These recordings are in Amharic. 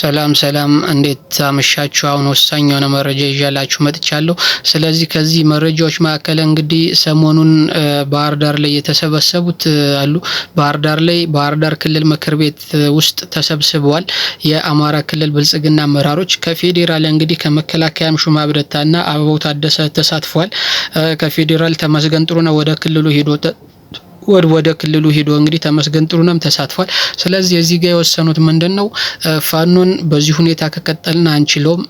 ሰላም ሰላም፣ እንዴት አመሻችሁ? አሁን ወሳኝ የሆነ መረጃ ይዣላችሁ መጥቻለሁ። ስለዚህ ከዚህ መረጃዎች መካከል እንግዲህ ሰሞኑን ባህር ዳር ላይ የተሰበሰቡት አሉ። ባህር ዳር ላይ ባህር ዳር ክልል ምክር ቤት ውስጥ ተሰብስበዋል። የአማራ ክልል ብልጽግና አመራሮች ከፌዴራል እንግዲህ ከመከላከያ ሹማ ብረታና አበባው ታደሰ ተሳትፏል። ከፌዴራል ተመስገን ጥሩነህ ወደ ክልሉ ሄዶ ወደ ክልሉ ሄዶ እንግዲህ ተመስገን ጥሩነህም ተሳትፏል። ስለዚህ እዚህ ጋር የወሰኑት ምንድን ነው ፋኖን በዚህ ሁኔታ ከቀጠልን አንችለውም።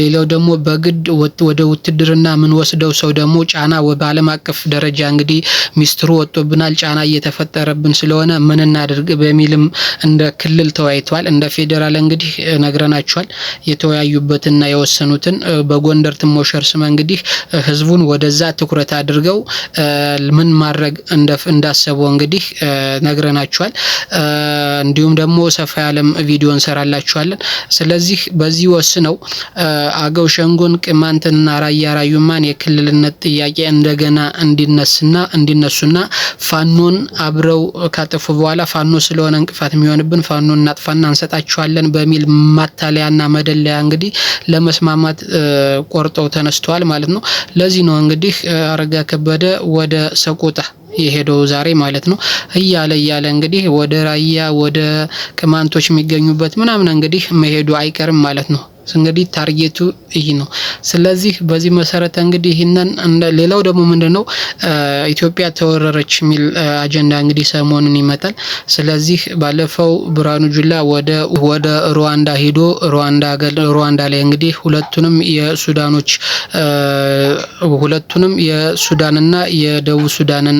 ሌላው ደግሞ በግድ ወደ ውትድርና የምንወስደው ሰው ደግሞ ጫና በዓለም አቀፍ ደረጃ እንግዲህ ሚስትሩ ወጥቶብናል፣ ጫና እየተፈጠረብን ስለሆነ ምን እናድርግ በሚልም እንደ ክልል ተወያይተዋል። እንደ ፌዴራል እንግዲህ ነግረናቸዋል የተወያዩበትና የወሰኑትን በጎንደር ትሞሸር ስመ እንግዲህ ህዝቡን ወደዛ ትኩረት አድርገው ምን ማድረግ እንዳ እንደምታስበው እንግዲህ ነግረናችኋል። እንዲሁም ደግሞ ሰፋ ያለም ቪዲዮ እንሰራላችኋለን። ስለዚህ በዚህ ወስነው አገው ሸንጎን፣ ቅማንትና ራያ ራዩማን የክልልነት ጥያቄ እንደገና እንዲነስና እንዲነሱና ፋኖን አብረው ካጠፉ በኋላ ፋኖ ስለሆነ እንቅፋት የሚሆንብን ፋኖን እናጥፋና እንሰጣችኋለን በሚል ማታለያና መደለያ እንግዲህ ለመስማማት ቆርጠው ተነስተዋል ማለት ነው። ለዚህ ነው እንግዲህ አረጋ ከበደ ወደ ሰቆጣ የሄደው ዛሬ ማለት ነው። እያለ እያለ እንግዲህ ወደ ራያ ወደ ቅማንቶች የሚገኙበት ምናምን እንግዲህ መሄዱ አይቀርም ማለት ነው። እንግዲህ ታርጌቱ ይህ ነው። ስለዚህ በዚህ መሰረት እንግዲህ ይህንን ሌላው ደግሞ ምንድን ነው ኢትዮጵያ ተወረረች የሚል አጀንዳ እንግዲህ ሰሞኑን ይመጣል። ስለዚህ ባለፈው ብርሃኑ ጁላ ወደ ሩዋንዳ ሄዶ ሩዋንዳ ላይ እንግዲህ ሁለቱንም የሱዳኖች ሁለቱንም የሱዳንና የደቡብ ሱዳንን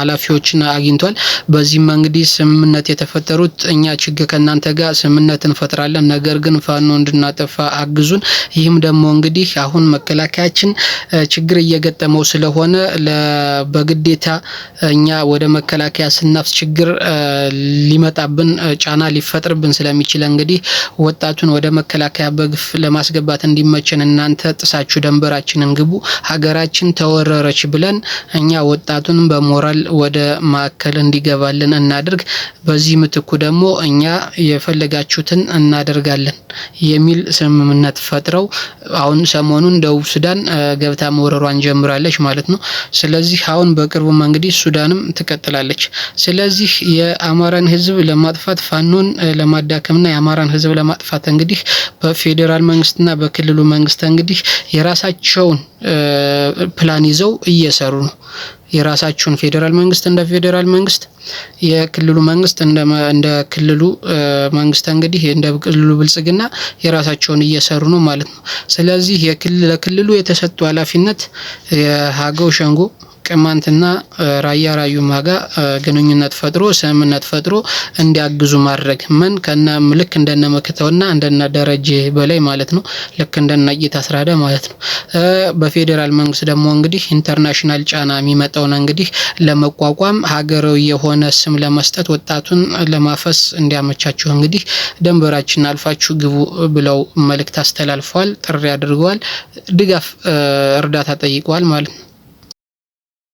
ኃላፊዎችን አግኝቷል። በዚህም እንግዲህ ስምምነት የተፈጠሩት እኛ ችግር ከእናንተ ጋር ስምምነት እንፈጥራለን፣ ነገር ግን ፋኖ እንድናጠፋ አግዙን። ይህም ደግሞ እንግዲህ አሁን መከላከያችን ችግር እየገጠመው ስለሆነ በግዴታ እኛ ወደ መከላከያ ስናፍስ ችግር ሊመጣብን ጫና ሊፈጥርብን ስለሚችል እንግዲህ ወጣቱን ወደ መከላከያ በግፍ ለማስገባት እንዲመችን እናንተ ጥሳችሁ ደንበራችንን ግቡ፣ ሀገራችን ተወረረች ብለን እኛ ወጣቱን በሞራል ወደ ማዕከል እንዲገባልን እናድርግ። በዚህ ምትኩ ደግሞ እኛ የፈለጋችሁትን እናደርጋለን የሚል ስምምነት ፈጥረው አሁን ሰሞኑን ደቡብ ሱዳን ገብታ መውረሯን ጀምራለች ማለት ነው። ስለዚህ አሁን በቅርቡም እንግዲህ ሱዳንም ትቀጥላለች። ስለዚህ የአማራን ህዝብ ለማጥፋት ፋኖን ለማዳከምና የአማራን ህዝብ ለማጥፋት እንግዲህ በፌዴራል መንግስትና በክልሉ መንግስት እንግዲህ የራሳቸውን ፕላን ይዘው እየሰሩ ነው። የራሳችሁን ፌዴራል መንግስት እንደ ፌዴራል መንግስት፣ የክልሉ መንግስት እንደ ክልሉ መንግስት እንግዲህ እንደ ክልሉ ብልጽግና የራሳቸውን እየሰሩ ነው ማለት ነው። ስለዚህ ለክልሉ የተሰጡ ኃላፊነት የሀገው ሸንጎ ቅማንትና ራያ ራዩማ ጋር ግንኙነት ፈጥሮ ስምምነት ፈጥሮ እንዲያግዙ ማድረግ ምን ከነ ልክ እንደነ መክተውና እንደነ ደረጀ በላይ ማለት ነው። ልክ እንደነ እይታ አስራደ ማለት ነው። በፌዴራል መንግስት ደግሞ እንግዲህ ኢንተርናሽናል ጫና የሚመጣውን እንግዲህ ለመቋቋም ሀገራዊ የሆነ ስም ለመስጠት ወጣቱን ለማፈስ እንዲያመቻችሁ እንግዲህ ደንበራችን አልፋችሁ ግቡ ብለው መልእክት አስተላልፈዋል፣ ጥሪ አድርገዋል፣ ድጋፍ እርዳታ ጠይቀዋል ማለት ነው።